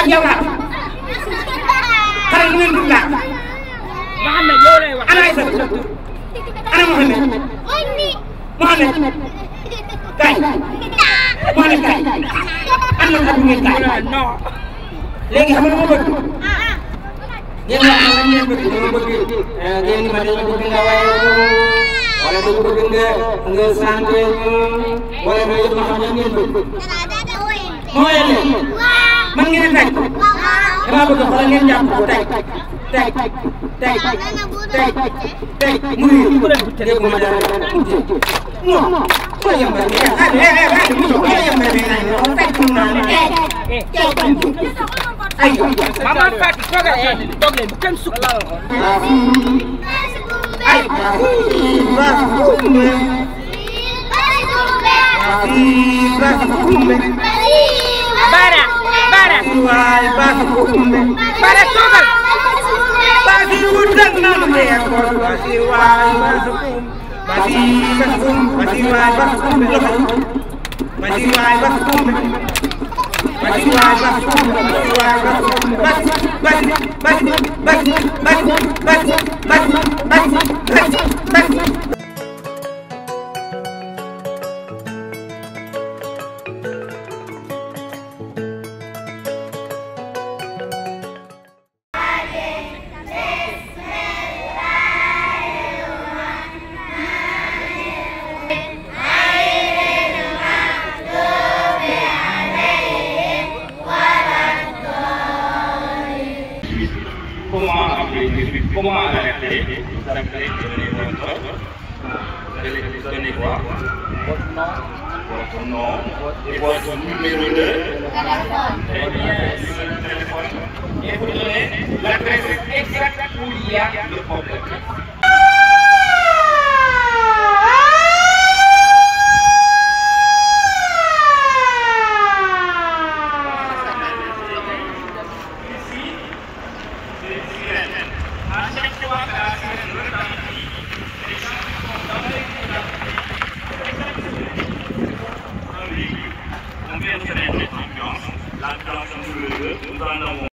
ak yow laa faral lu ngeen dund laa Mouhamed yow lay wax ana ay sa ana Mouhamed Mouhamed kaay Mouhamed kaay am na nga bu ngeen kaay léegi xam nga ma bëgg ngeen wax ma ngeen bëgg dama bëgg eh, ngeen ma dañu bëgg nga waaye wala dañu bëgg nga nga sant wala dañu ma xam ne ngeen bëgg moo leen man ngeen a teg damaa bëgg xoolal ngeen jàpp ko teg teg teg teg teg mu ngi dégg ma dara non xoolal yëmbal bi ah ah ah mu jóg xoolal yëmbal bi naa ñëw teg pour naa ne teg teg aywa. maman Fatou toog leen toog leen kenn sukk. ay baax. Bara Bara. waay Bara Koungheul. Bara toogal. Basi wut rek noonu ngay école. Basi waay Basi Koungheul. Basi Basi Koungheul. Basi waay Basi Koungheul loxo. Basi waay Basi Koungheul. Basi waay Basi Koungheul. Basi Basi Basi Basi Basi Basi Basi Basi Basi Basi connaissez l'ambiance, l'ambiance un peu, nous en avons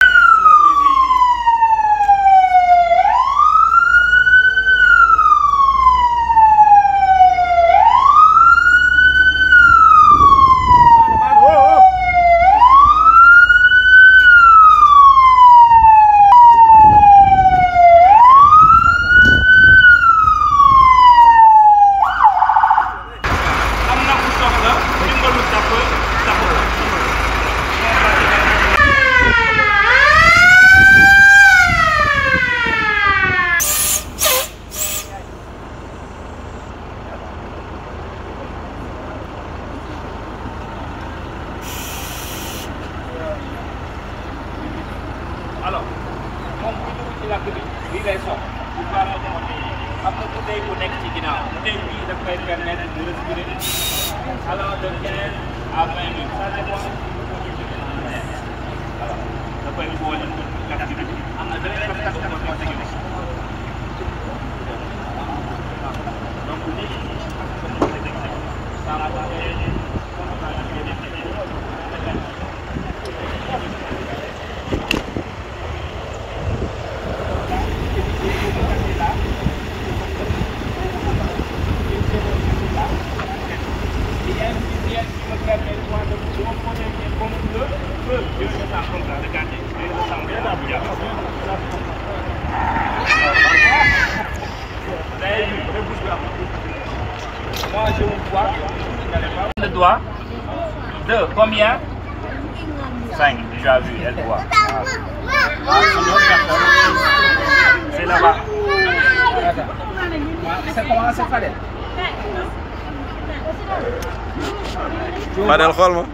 waaw del xool ma.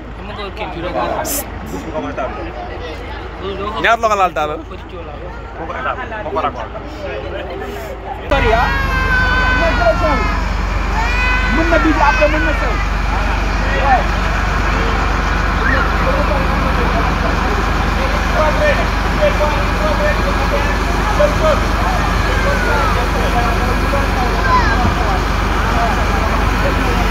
ñaar loxo laal taalal. mën na bii après mën na sew. Thank you.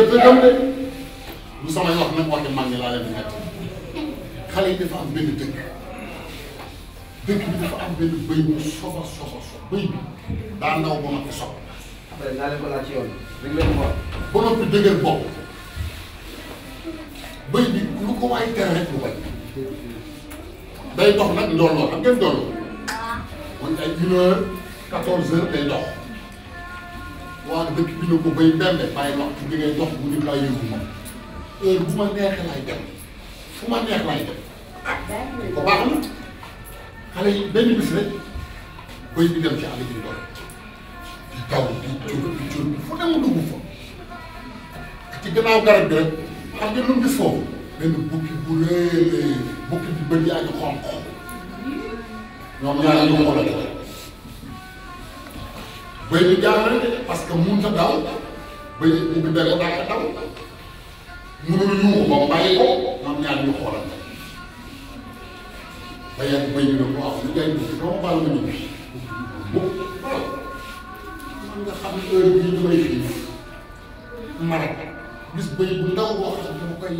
gerte gëm de lu samay wax nag waxi mag ñi laa leen di nekk xale yi dafa am benn dëkk dëkk bi dafa am benn béy bu sofa sofa sofa béy bi daa ndaw ba ma fi sopp. après naa leen ko laaj ci yoon bi dañ leen wax. ba noppi dëgër bopp béy bi lu ko waay tere rek lu bañ day dox nag ndolloo xam ngeen ndolloo. waaw ah. kon ay une heure quatorze heures day dox. waa dëkk bi ne ko bay mbembe bàyyi waxtu bi ngay dox bu ñu laa yóbbu ma heure bu ma neexee laay dem fu ma neex laay dem ko baax na xale yi benn bis rek bay bi dem ci àll bi doon di daw di cóot di cóot fu ne mu dugg fa ci gannaaw garab bi rek xam nga lu mu gis foofu benn bukki bu rëy bukki bi bëri yaa ngi xonq ñoom ñaar ñu bëy bi jaaxle parce que mun sa daw bëy mu ngi bëgg daw mënul yuuxu ba mu bàyyi ko ñoom ñaar ñu xoolal ko dama baal ma ñu bu waaw man nga xam heure bii damay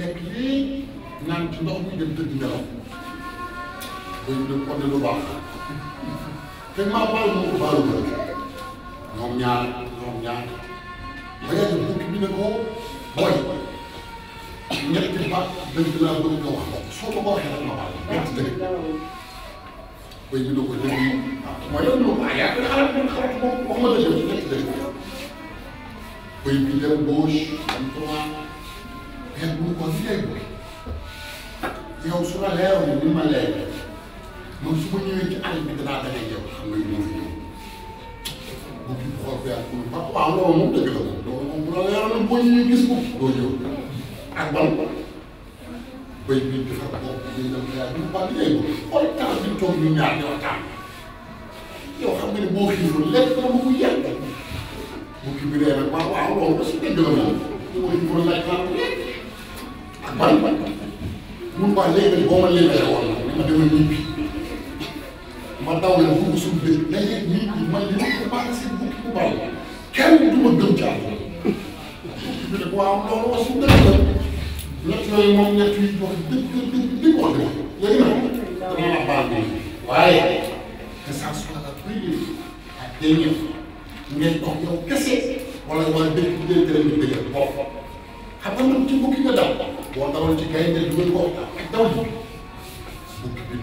lekk lii naan ci ndox mi dem tëdd nelaw bëy bi ne ko ne lu baax te maa baal ma ko baalu ñoom ñaar ñoom ñaar ba yàgg bukki bi ne ko boy ñetti baat dëgg laa bëgg nga wax ko soo ko ko waxee rek ma baal ñetti dëgg boy bi ne ko dëgg mooy yow moom ah yaa ngi xalaat man xalaat moom wax ma dëgg ñetti dëgg boy bi dem gauche dem droite kenn bu ko léegi yow su la leeroon ni ma leer man su ma ñëwee ci àll bi danaa dajeeg yow xam nga yow bu kii xool fi ak kuy wax waaw loolu moom dëgg la moom loolu moom bu la leer na boo ñuy gis ko doo ñëw ak ban béy bi di fa bopp day dem xëy na ba liggéey ko xool temps bi toog ñu ñaar di waxtaan yow xam nga ne boo xiiful lekk la mu yegg bu kii bi dee nag waaw waaw loolu aussi dëgg la moom boo xiiful laaj naa ko lekk ak ban mun waa léegi boo ma léegi woon na ma demal ñibbi ma daw leen bu mu suuf dee léegi nit ñi man li ma ko baax si bukki bu bàyyi kenn du ma gëm ci àll bi nag waaw loolu wax su dëgg la ñett yooyu moom ñett yi wax dëgg dëgg dëgg wax dëgg léegi nag dama la baal bi waaye que ça soit la première ak dernière ngay dox yow kese wala waa dëkk bi dee dërëm bi dëgg bopp xam nga man ci bukki nga daw boo dawal ci gaynde dugal ko ak daw bukki bi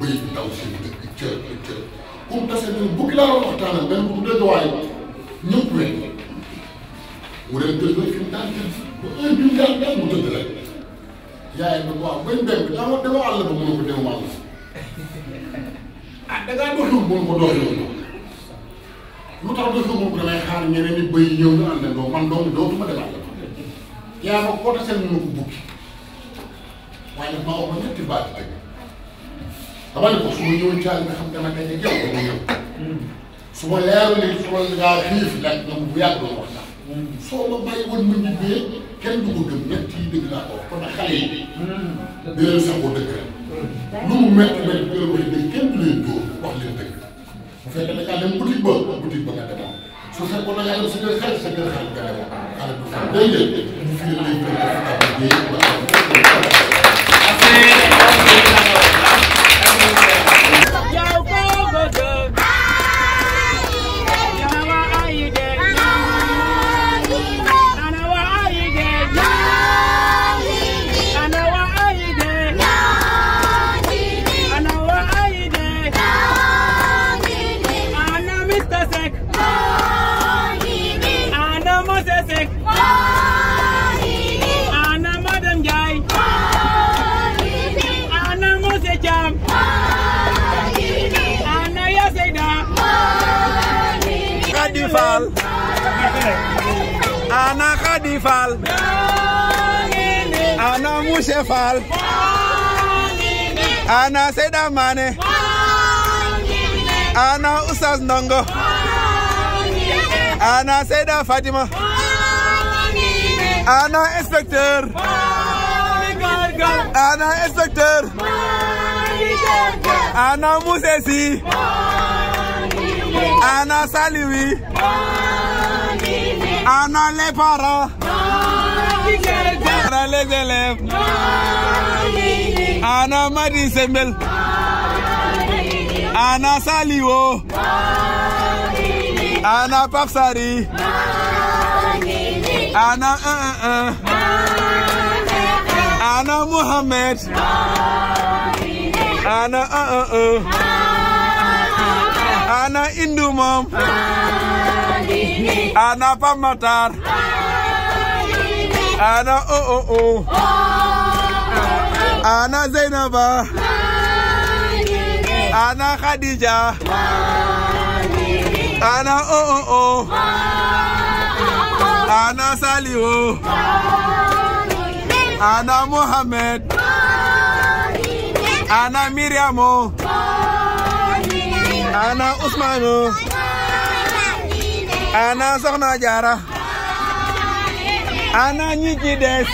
bëy bi daw seen dëkk cër cër cër ku tase ñu bukki laa doon waxtaanal benn bu dëgg waaye ñëpp rek mu dem tëdd fi mu daan tëdd ba heure bi mu daan daan mu tëdd rek yaay na waaw bañ dem daa ma dama àll ba mu ne ko dem wàll ah da ngaa doxul mu ne ko doxul lu tax doxul mu ne ko damay xaar ñeneen ñi bëy ñëw ñu àndandoo man doomu dootuma dem àll yaa ma ko tase ñu ma ko bukki waaye nag maa wax ko ñetti baat ak dama ne ko su ma ñëwoon caal nga xam dama daje jaww dama ñëw su ma leeral ni su ma ngaa xiif laaj na bu yàgg la wax sax soo ma bàyyi woon ma ñibbee kenn du ko gëm ñett yi dëgg laa ko wax kon xale yi mm. di leen sax ko dëgg lu mu métti métti di leen wax dëgg kenn du leen dóor wax leen dëgg bu fekkee da ngaa dem boutique ba boutique ba nga demoon su fekkoon da ngaa dem sa kër xale sa kër xale nga demoon xale du fa day leen fii lay jël dafa tàmbali ba ana Khady Fall ana Mousse Fall ana Seyda Mané ana Oustaz Ndongo ana Seyda Fatima ana inspecteur ana inspecteur ana Saliwi Ana les parents. Ana les Ana Madi Sembel. Ana Saliwo. Ana Papsari. Ana un eh, eh, eh. Ana Mohamed. Ana un ana indu ana pamatar ana oo ana Zainaba ana Khadija ana oo ana Salihu ana Mohamed ana Miriamo ana Ousmane ana Soxna Jaara ana ñi ci des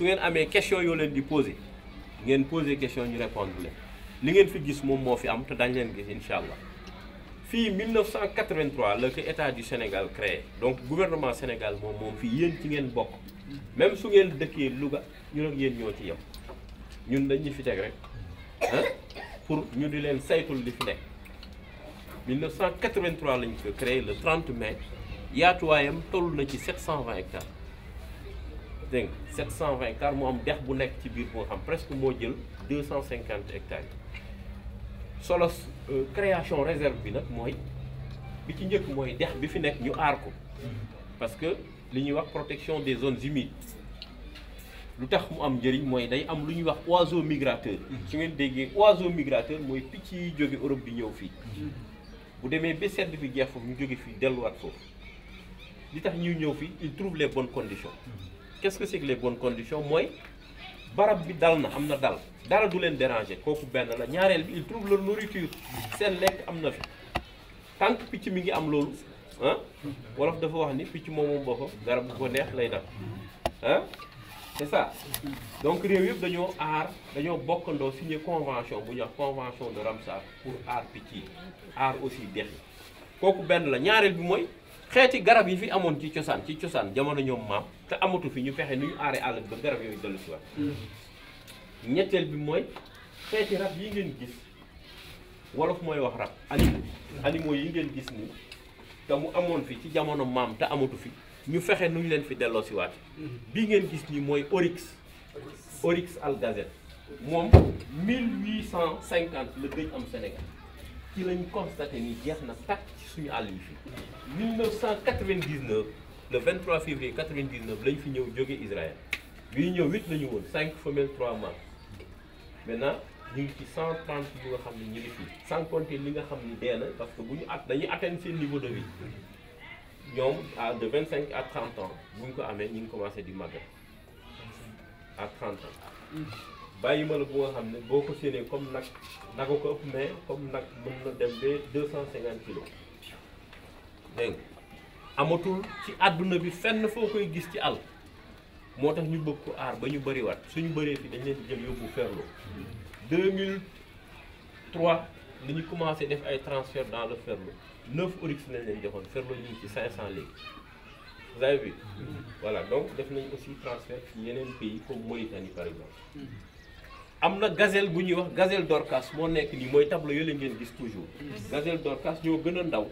su ngeen amee question yoo leen di poser ngeen poser question ñu répondre leen li ngeen fi gis moom moo fi am te dañ leen gis incha allah fii 1983 la ko état du Sénégal créé donc gouvernement Sénégal moom moom fii yéen ci ngeen bokk même su ngeen dëkkee Louga ñun ak yéen ñoo ci yem ñun dañuy fi teg rek ah pour ñu di leen saytul li fi nekk 1983 lañ ko créé le 30 mai yaatuwaayam toll na ci 720 hectares. dégg nga 720 hectares mu am dex bu nekk ci biir boo xam presque moo jël 250 hectares yi solo euh, création réserve bi nag mooy bi ci njëkk mooy dex bi fi nekk ñu aar ko parce que li ñuy wax protection des zones humides lu tax mu am njëriñ mooy day am lu ñuy wax oiseau migrateur ci ngeen déggee oiseau migrateur mooy picc yi jóge Europe bi ñëw fii bu demee ba sedd bi jeex foofu ñu jóge fii delluwaat foofu li tax ñuy ñëw fii il trouve les bonnes conditions qu'est-ce que c'est que les bonnes mooy barab bi dal na am na dal dara du leen déranger kooku benn la ñaareel bi il trouve leur nourriture seen lekk am na fi picc mi ngi am loolu ah, dafa wax ni picc moomoom boppam garab bu ko neex lay dal ah donc réew yëpp dañoo aar dañoo bokkandoo signé convention bu ñuy wax convention de Ramsar pour aar picc yi aar aussi dex kooku benn la ñaareel bi mooy xeeti garab yi fi amoon ci cosaan ci cosaan jamono ñoom maam te amatu fi ñu fexe nu ñu aaree àll bi ba garab yooyu dellu si waat mm-hmm. ñetteel bi mooy xeeti rab yi ngeen gis wolof mooy wax rab animaux mm-hmm. animaux yi ngeen gis ni te mu amoon fi ci jamono maam te amatu fi ñu fexe nu ñu leen fi delloo si waat mm-hmm. bii ngeen gis nii mooy oryx oryx algazette moom 1850 la gëj am Sénégal ci lañ constaté ni jeex na tàkk ci suñu àll yi fi 1999 le 23 février 99 lañ fi ñëw jóge Israël bi ñëw huit la ñu woon cinq femelles trois mâles maintenant ñu ngi ci 130 yu nga xam ne ñu ngi fi sans li nga xam ne dee na parce que bu ñu at dañuy atteindre seen niveau de vie ñoom à de 25 à 30 ans bu ko amee ñu ngi commencé di màgg à 30 ans bàyyi ma la bu nga xam ne boo ko séenee comme nag naga ko ëpp mais comme nag mën na dem ba 250 kilos dégg amatul ci àdduna bi fenn foo koy gis ci àll moo tax ñu bëgg ko aar ba ñu bëriwaat suñu bëree fi dañ leen di jël yóbbu Ferlo 2003 li ñu commencé def ay transfert dans le Ferlo 9 Oryx lañ leen joxoon Ferlo ñu ci 500 léegi vous avez vu voilà donc def nañ aussi transfert ci yeneen pays comme Mauritanie par exemple am na gazelle bu ñuy wax gazelle Dorcas moo nekk nii mooy tableau yooyu la ngeen gis toujours gazelle Dorcas ñoo gën a ndaw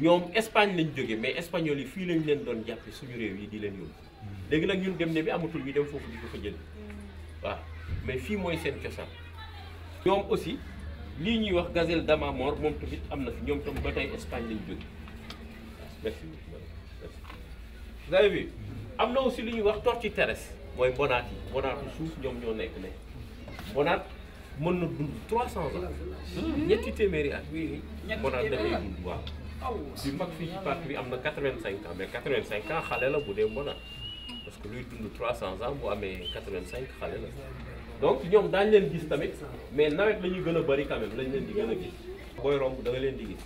ñoom Espagne lañ jóge mais espagnol yi fii lañ leen doon jàppe suñu réew yi di leen yóbbu mm-hmm. léegi nag ñun dem ne bi amatul ñu dem foofu di ko fa jël mm-hmm. waaw mais fii mooy seen cosaan ñoom aussi lii ñuy wax gazelle d'Amamor moom tamit am na fi ñoom tam ba tey españ lañ jóge merci vous mm-hmm. am na aussi lu ñuy wax tortue terrestre mooy mbonaat yi mbonaatu suuf ñoom ñoo nekk ne mbonaat mën na dund 300 ans ñetti téeméeri at mbonaat dafay dund waaw bi mag fii ci parc bi am na quatre-vingt-cinq ans mais quatre-vingt-cinq xale la bu dee mbonaan parce que luy dund trois cent ans bu amee quatre-vingt-cinq xale la donc ñoom daañu leen gis tamit mais nawet la ñuy gën a bëri quand même lañ leen di gën a gis booy romb da leen di gis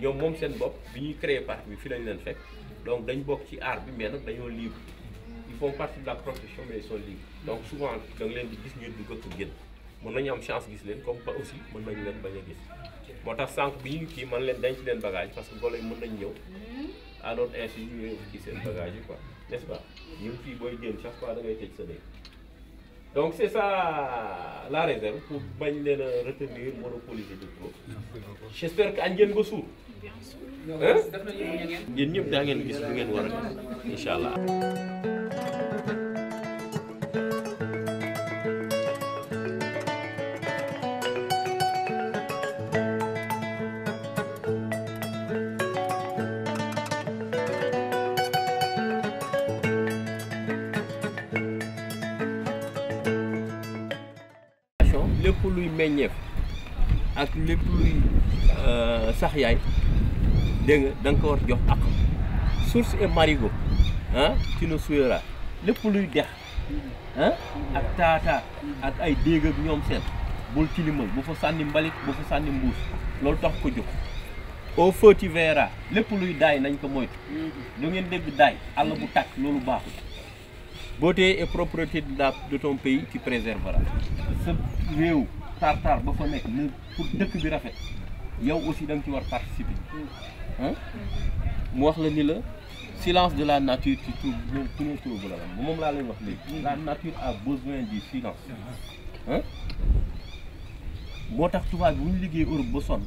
ñoom moom seen bopp bi ñuy créer parc bi fi lañ leen fekk donc dañ bokk ci aar bi mais nag dañoo libre ils font partie de la profession mais ils sont libres donc souvent da leen di gis ñuy dugg ak génn mën nañu am chance leen comme aussi mën nañu leen bañ a gis moo tax sànq bi ñu kii man leen denc leen bagage parce que golo yi mën nañ ñëw hmm. à notre insu ñu ngi kii seen bagage yi quoi n'est-ce pas booy génn chaque fois da ngay donc c'est ça la réserve pour bañ leen a retenir monopoliser du trop j'espère que añ ngeen ba suur yéen ñëpp daa ngeen gis lu ngeen war a allah meññeef ak lépp euh, sax yaay nga da ko war jox ak et marigo ah ci lépp luy dex ah ak taataa ak ay déeg ak ñoom seen bul tilimal bu fa sànni mbalit bu fa sànni mbuus loolu tax ko jóg au feu tu lépp luy daay nañ ko moytu lu ngeen dégg daay àll bu tàkk loolu baaxul beauté et propreté de ton pays tu préserveras sa réew taar taar ba fa nekk na pour dëkk bi rafet yow aussi da nga ci war participer ah mu wax la ni la silence de la nature ci tout tout le trouble la am moom laa lay wax léegi mm. la nature a besoin du silence moo tax tubaab bi liggéey Europe ba sonn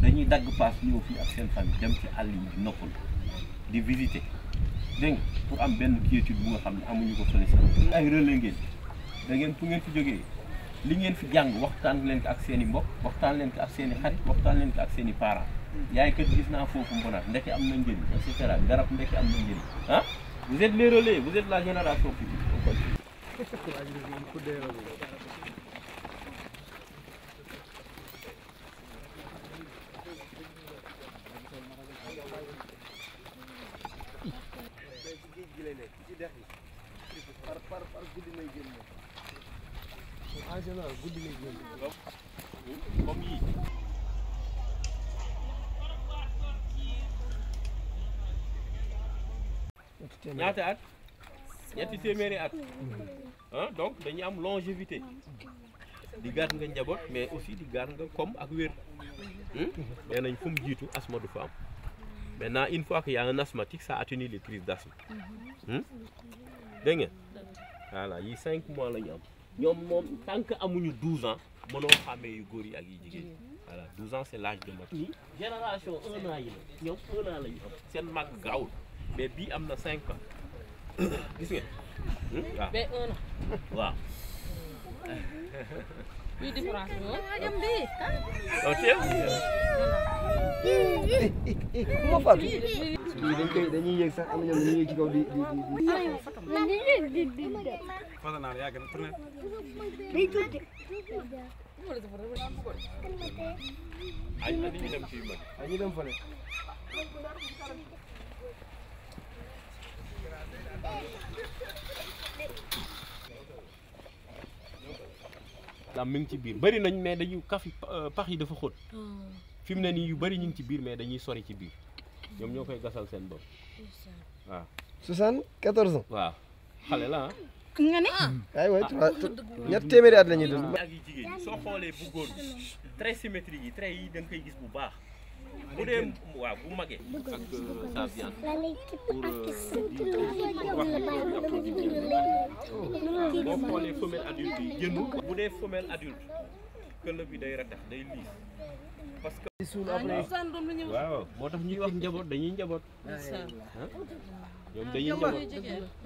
dañuy dagg paas ñëw fii ak seen famille dem ci àll yi di noppal di visiter dégg pour am benn quiétude bu nga xam ne amuñu ko fële ay relais ngeen da ngeen fu ngeen fi jógee li ngeen fi jàng waxtaan leen ko ak seen i mbokk waxtaan leen ko ak seen xarit waxtaan leen ko ak seen i gis naa foofu mbonaat ndeke am na njëriñ et cetera am na njëriñ ah vous êtes les en général guddi lay génn comme ñaata at ñetti téeméeri at ah donc dañuy am longévité di gaar nga njaboot mais aussi di gaar nga comme ak wér nee nañ fu mu jiitu asma du fa am maintenant une fois que y a un asthmatique ça atténue les crises d'asthme dégg ngeen voilà yi cinq mois lañu am ñoom moom tant que amuñu 12 ans mënoo xàmmee yu góor yi ak yi jigéen voilà 12 ans c' est l' âge de génération 1 yi la ñoom 1 an am seen màgg gaawul mais bii am na 5 ans gis ngeen hmm? waaw waaw. Bi différence dañuy yëg sax am na ñoom dañuy yëg ci kaw di di di di. Foto naa la yàgg na tourné. Day tuuti. Ay dañuy dem fii man. Ay ñu dem fële. l'islam mi ngi ci biir bëri nañ mais dañu kaf euh, pax yi dafa xóot hmm. fi mu ne nii yu bëri ñu ngi ci biir mais dañuy sori ci biir ñoom ñoo koy gasal seen bopp waaw soixante quatorze ans waaw xale la ah nga ne ah. ay waay ah, ñett téeméeri at la ñuy dund ak yi jigéen soo xoolee bu góor bi très yi très yi da nga koy gis bu baax bu dee waaw bu magee ak sa pour wax boo xoolee femelle adulte yi jënu bu dee femelle adulte këll bi day ratax day liis parce que suul après waaw moo tax ñuy wax njaboot dañuy njaboot ñoom dañuy njaboot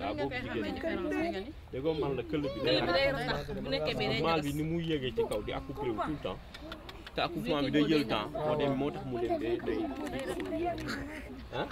waaw boobu jigéen déggoo man la këll bi day ratax maal bi ni muy yéegee kaw di accouplé wu tout le temps te accouchement bi day jël temps moo dem mu dem day day ah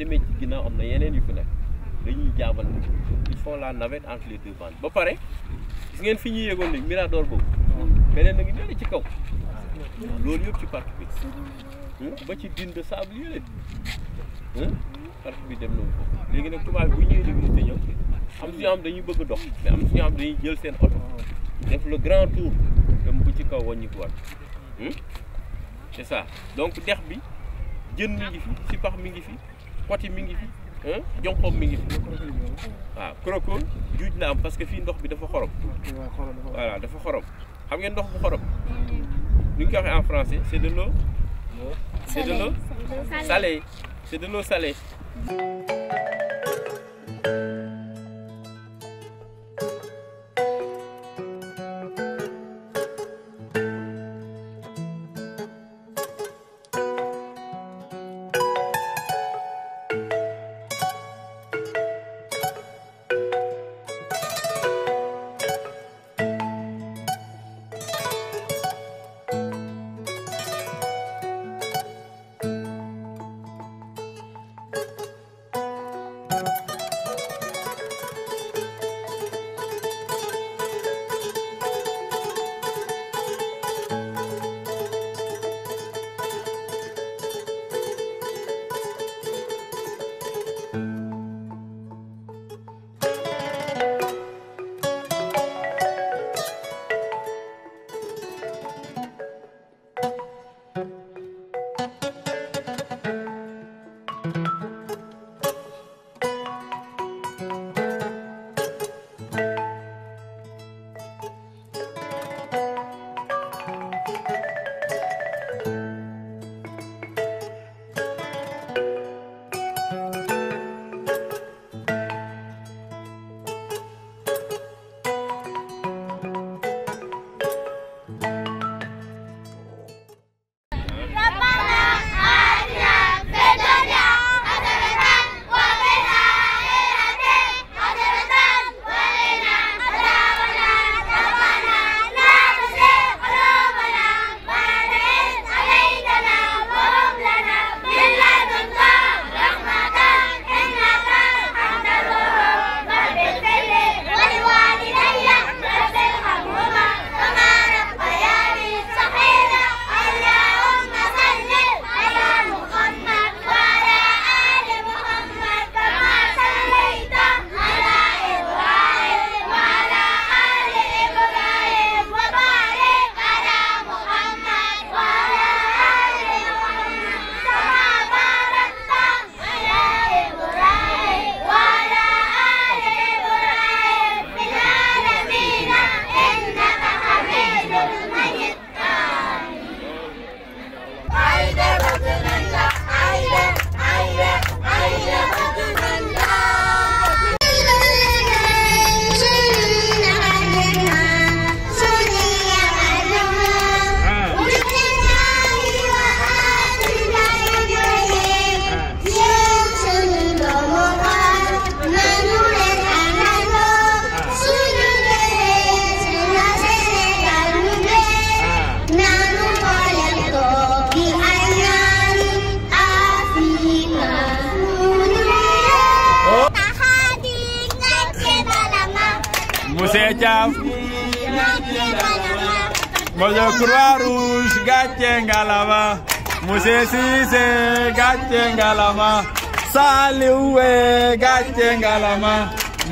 demee ci ginnaaw am na yeneen yu fi nekk dañuy jaabal il faut la navette entre les deux ba pare gis ngeen fi ñuy yëgoon ni mirador boobu beneen na ngi dale ci kaw loolu yëpp ci parc bi ba ci dune de sable yële parc bi dem na foofu léegi nag tubaab bu ñëwee di visité ñoom am suñu am dañuy bëgg dox mais am suñu am dañuy jël seen oto def le grand tour dem bu ci kaw wàññi ko waat c'est ça donc dex bi jën mi ngi fi si pax mi ngi fi poti mi ngi fi jonkoom mi ngi fi waaw kroko juuj na am parce que fii ndox bi dafa xorom voilà dafa xorom xam ngeen ndox bu xorom ñu ngi koy waxee en français c'est de l'eau c'est de de l'eau salée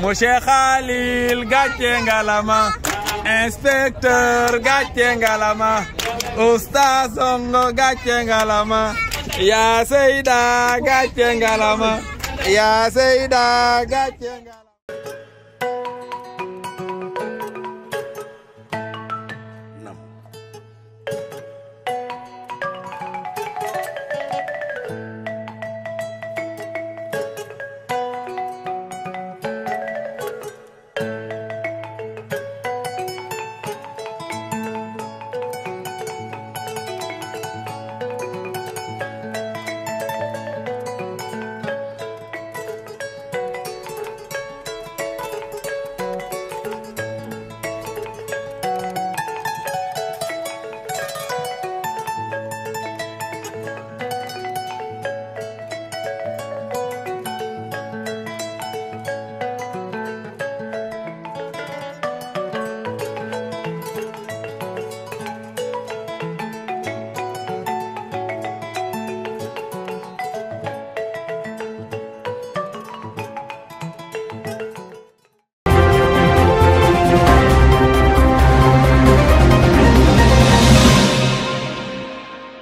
monsieur Khalil gàcce ngalama inspecteur gàcce ngalama oustaz Songo gàcce ngalama yaa seyda gàcce ngalama yaa seyda gàcce